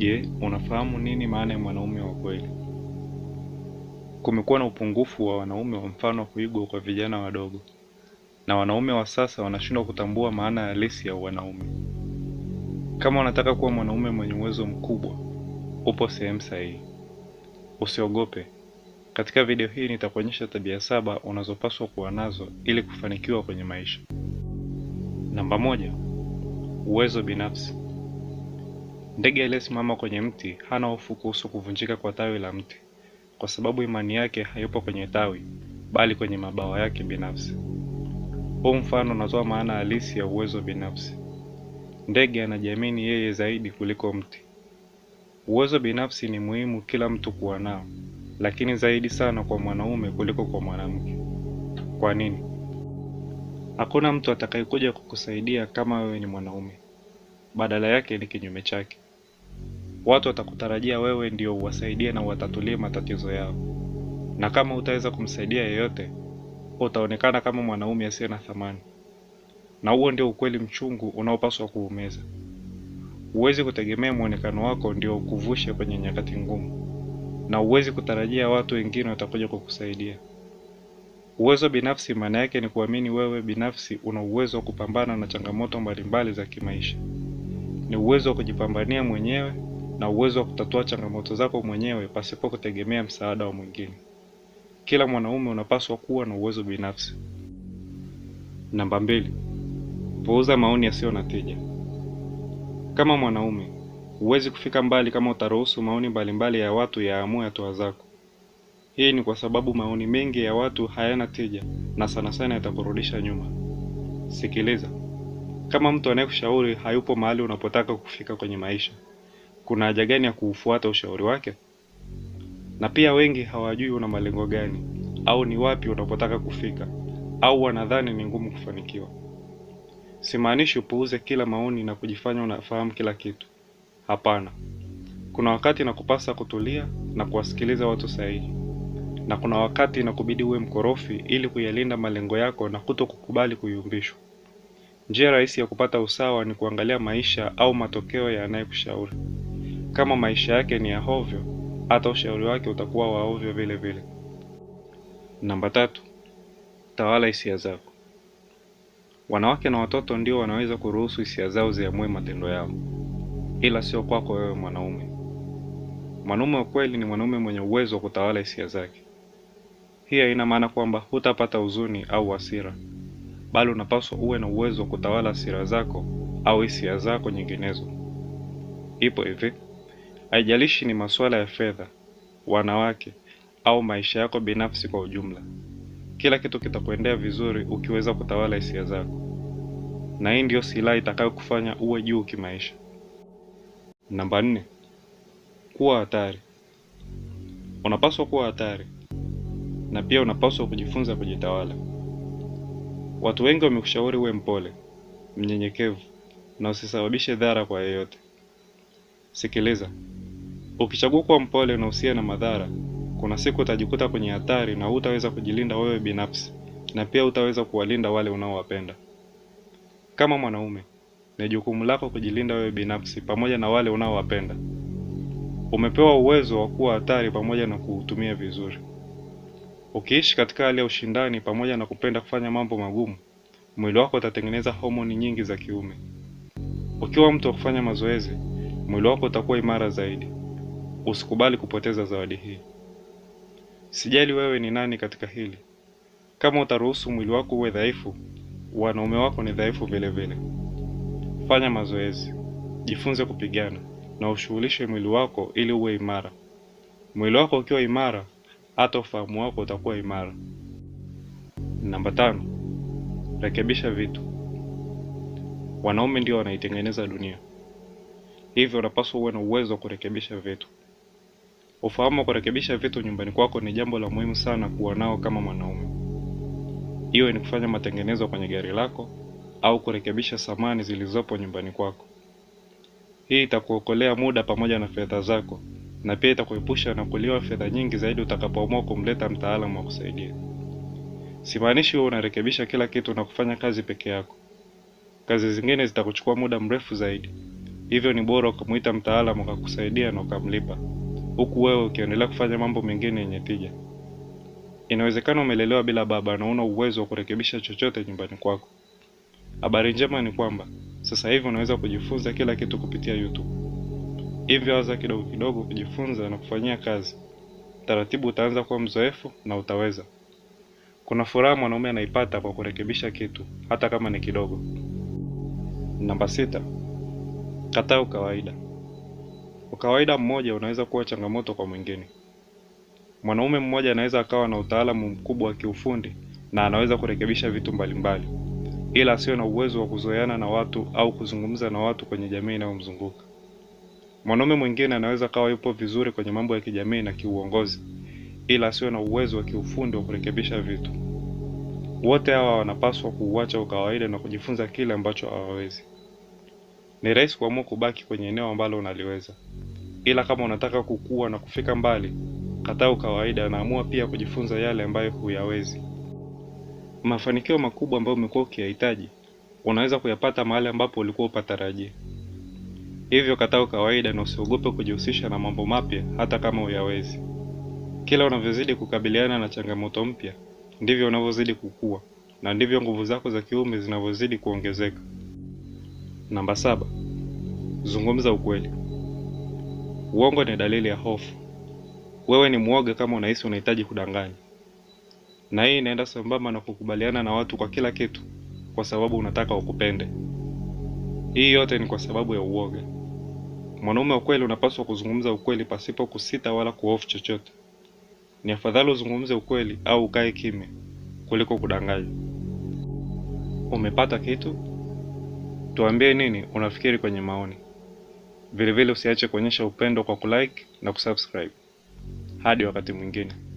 Je, unafahamu nini maana ya mwanaume wa kweli? Kumekuwa na upungufu wa wanaume wa mfano wa kuigwa kwa vijana wadogo, na wanaume wa sasa wanashindwa kutambua maana halisi ya wanaume. Kama unataka kuwa mwanaume mwenye uwezo mkubwa, upo sehemu sahihi. Usiogope. Katika video hii nitakuonyesha tabia saba unazopaswa kuwa nazo ili kufanikiwa kwenye maisha. Namba moja, uwezo binafsi. Ndege aliyesimama kwenye mti hana hofu kuhusu kuvunjika kwa tawi la mti, kwa sababu imani yake hayupo kwenye tawi, bali kwenye mabawa yake binafsi. Huu mfano unatoa maana halisi ya uwezo binafsi. Ndege anajiamini yeye zaidi kuliko mti. Uwezo binafsi ni muhimu kila mtu kuwa nao, lakini zaidi sana kwa mwanaume kuliko kwa mwanamke. Kwa nini? Hakuna mtu atakayekuja kukusaidia kama wewe ni mwanaume badala yake ni kinyume chake. Watu watakutarajia wewe ndio uwasaidie na uwatatulie matatizo yao, na kama utaweza kumsaidia yeyote, utaonekana kama mwanaume asiye na thamani, na huo ndio ukweli mchungu unaopaswa kuumeza. Huwezi kutegemea mwonekano wako ndio ukuvushe kwenye nyakati ngumu, na huwezi kutarajia watu wengine watakuja kukusaidia. Uwezo binafsi maana yake ni kuamini wewe binafsi una uwezo wa kupambana na changamoto mbalimbali za kimaisha ni uwezo wa kujipambania mwenyewe na uwezo wa kutatua changamoto zako mwenyewe pasipo kutegemea msaada wa mwingine. Kila mwanaume unapaswa kuwa na uwezo binafsi. Namba mbili, puuza maoni yasiyo na tija. Kama mwanaume huwezi kufika mbali kama utaruhusu maoni mbalimbali ya watu yaamue hatua zako. Hii ni kwa sababu maoni mengi ya watu hayana tija na sana sana yatakurudisha nyuma. Sikiliza, kama mtu anayekushauri hayupo mahali unapotaka kufika kwenye maisha, kuna haja gani ya kuufuata ushauri wake? Na pia wengi hawajui una malengo gani au ni wapi unapotaka kufika, au wanadhani ni ngumu kufanikiwa. Simaanishi upuuze kila maoni na kujifanya unafahamu kila kitu. Hapana, kuna wakati inakupasa kutulia na kuwasikiliza watu sahihi, na kuna wakati inakubidi uwe mkorofi ili kuyalinda malengo yako na kuto kukubali kuyumbishwa. Njia rahisi ya kupata usawa ni kuangalia maisha au matokeo ya anayekushauri. Kama maisha yake ni ya hovyo, hata ushauri wake utakuwa wa ovyo vile vile. Namba tatu, tawala hisia zako. Wanawake na watoto ndio wanaweza kuruhusu hisia zao ziamue matendo yao, ila sio kwako wewe mwanaume. Mwanaume wa kweli ni mwanaume mwenye uwezo wa kutawala hisia zake. Hii haina maana kwamba hutapata huzuni au hasira, bali unapaswa uwe na uwezo wa kutawala hasira zako au hisia zako nyinginezo. Ipo hivi, haijalishi ni masuala ya fedha, wanawake au maisha yako binafsi kwa ujumla, kila kitu kitakuendea vizuri ukiweza kutawala hisia zako, na hii ndiyo silaha itakayokufanya uwe juu kimaisha. Namba nne, kuwa hatari. Unapaswa kuwa hatari na pia unapaswa kujifunza kujitawala. Watu wengi wamekushauri uwe mpole, mnyenyekevu na usisababishe dhara kwa yeyote. Sikiliza, ukichagua kuwa mpole na usiye na madhara, kuna siku utajikuta kwenye hatari na hutaweza kujilinda wewe binafsi, na pia hutaweza kuwalinda wale unaowapenda. Kama mwanaume, ni jukumu lako kujilinda wewe binafsi pamoja na wale unaowapenda. Umepewa uwezo wa kuwa hatari pamoja na kuutumia vizuri. Ukiishi katika hali ya ushindani pamoja na kupenda kufanya mambo magumu, mwili wako utatengeneza homoni nyingi za kiume. Ukiwa mtu wa kufanya mazoezi, mwili wako utakuwa imara zaidi. Usikubali kupoteza zawadi hii. Sijali wewe ni nani katika hili. Kama utaruhusu mwili wako uwe dhaifu, wanaume wako ni dhaifu vile vile. Fanya mazoezi, jifunze kupigana na ushughulishe mwili wako ili uwe imara. Mwili wako ukiwa imara hata ufahamu wako utakuwa imara. Namba tano, rekebisha vitu. Wanaume ndio wanaitengeneza dunia, hivyo unapaswa uwe na uwezo wa kurekebisha vitu. Ufahamu wa kurekebisha vitu nyumbani kwako ni jambo la muhimu sana kuwa nao kama mwanaume. hiyo ni kufanya matengenezo kwenye gari lako au kurekebisha samani zilizopo nyumbani kwako. Hii itakuokolea muda pamoja na fedha zako na pia itakuepusha na kuliwa fedha nyingi zaidi utakapoamua kumleta mtaalamu wa kusaidia. Simaanishi wewe unarekebisha kila kitu na kufanya kazi peke yako. Kazi zingine zitakuchukua muda mrefu zaidi, hivyo ni bora ukamuita mtaalamu akakusaidia na ukamlipa, huku wewe ukiendelea kufanya mambo mengine yenye tija. Inawezekana umelelewa bila baba na una uwezo wa kurekebisha chochote nyumbani kwako. Habari njema ni kwamba sasa hivi unaweza kujifunza kila kitu kupitia YouTube. Hivyo waza kidogo kidogo kujifunza na kufanyia kazi. Taratibu utaanza kuwa mzoefu na utaweza. Kuna furaha mwanaume anaipata kwa kurekebisha kitu hata kama ni kidogo. Namba sita, kataa ukawaida. Ukawaida mmoja unaweza kuwa changamoto kwa mwingine. Mwanaume mmoja anaweza akawa na utaalamu mkubwa wa kiufundi na anaweza kurekebisha vitu mbalimbali, ila asiwe na uwezo wa kuzoeana na watu au kuzungumza na watu kwenye jamii inayomzunguka. Mwanaume mwingine anaweza kawa yupo vizuri kwenye mambo ya kijamii na kiuongozi, ila asiwe na uwezo wa kiufundi wa kurekebisha vitu. Wote hawa wanapaswa kuuacha ukawaida na kujifunza kile ambacho hawawezi. Ni rahisi kuamua kubaki kwenye eneo ambalo unaliweza, ila kama unataka kukua na kufika mbali, kataa ukawaida, anaamua pia kujifunza yale ambayo huyawezi. Mafanikio makubwa ambayo umekuwa ukiyahitaji unaweza kuyapata mahali ambapo ulikuwa upatarajia. Hivyo katao kawaida na usiogope kujihusisha na mambo mapya hata kama uyawezi Kila unavyozidi kukabiliana na changamoto mpya, ndivyo unavyozidi kukua na ndivyo nguvu zako za kiume zinavyozidi kuongezeka. Namba saba, zungumza ukweli. Uongo ni dalili ya hofu. Wewe ni mwoga kama unahisi unahitaji kudanganya, na hii inaenda sambamba na kukubaliana na watu kwa kila kitu kwa sababu unataka wakupende. Hii yote ni kwa sababu ya uoga. Mwanaume wa kweli unapaswa kuzungumza ukweli pasipo kusita wala kuhofu chochote. Ni afadhali uzungumze ukweli au ukae kimya kuliko kudanganya. Umepata kitu? Tuambie nini unafikiri kwenye maoni. Vilevile usiache kuonyesha upendo kwa kulike na kusubscribe. Hadi wakati mwingine.